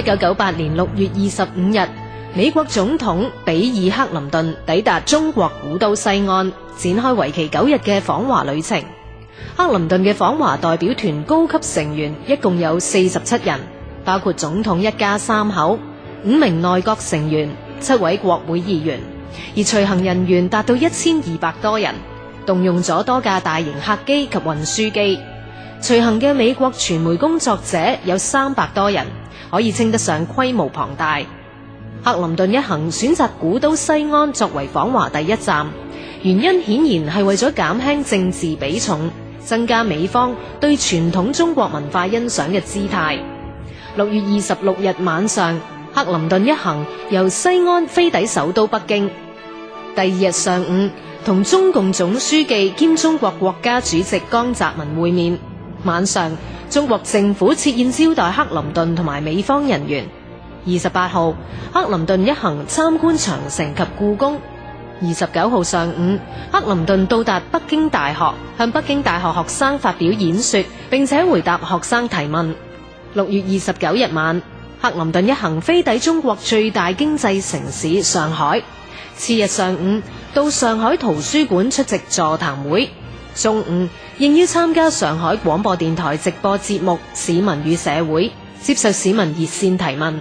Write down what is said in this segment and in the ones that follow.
一九九八年六月二十五日，美國總統比爾·克林頓抵達中國古都西安，展開為期九日嘅訪華旅程。克林頓嘅訪華代表團高級成員一共有四十七人，包括總統一家三口、五名內閣成員、七位國會議員，而隨行人員達到一千二百多人，動用咗多架大型客機及運輸機。隨行嘅美國傳媒工作者有三百多人，可以稱得上規模龐大。克林頓一行選擇古都西安作為訪華第一站，原因顯然係為咗減輕政治比重，增加美方對傳統中國文化欣賞嘅姿態。六月二十六日晚上，克林頓一行由西安飛抵首都北京。第二日上午，同中共總書記兼中國國家主席江澤民會面。晚上，中國政府設宴招待克林頓同埋美方人員。二十八號，克林頓一行參觀長城及故宮。二十九號上午，克林頓到達北京大學，向北京大學學生發表演說，並且回答學生提問。六月二十九日晚，克林頓一行飛抵中國最大經濟城市上海。次日上午，到上海圖書館出席座談會。中午應邀參加上海廣播電台直播節目《市民與社會》，接受市民熱線提問。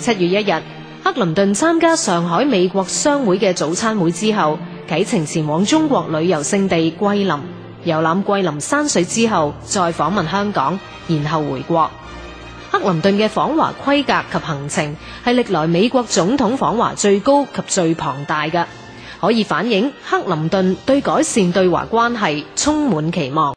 七月一日，克林頓參加上海美國商會嘅早餐會之後，啟程前往中國旅遊勝地桂林，遊覽桂林山水之後，再訪問香港，然後回國。克林頓嘅訪華規格及行程係歷來美國總統訪華最高及最龐大嘅。可以反映克林頓對改善對華關係充滿期望。